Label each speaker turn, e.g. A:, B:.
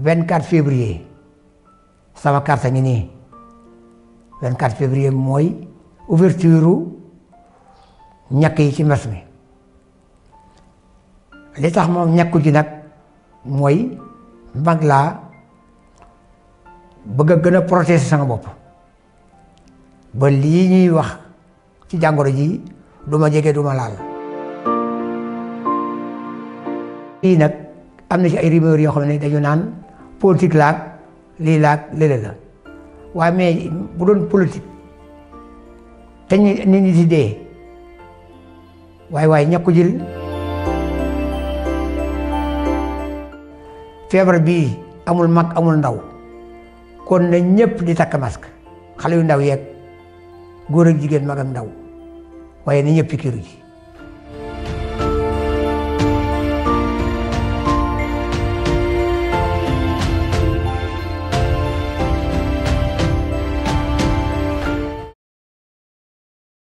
A: 24 février sama carte ngi nii 24 février mooy ouverture ñàkk yi ci mbas mi li tax moom ñàkku ji nag mooy mag laa bëgg a gën a protéger bopp ba lii ñuy wax ci jàngoro ji du jege du ma laal. lii nag am na ci ay rumeur yoo xam ne dañu naan. politique laag lii laag léeg la waaye mais bu doon politique te nit ñi di dee waaye waaye ña ko feebar bi amul mag amul ndaw kon na ñëpp di takk mask xale yu ndaw yeeg góor ak jigéen mag ndaw waaye na ñëpp pikiiru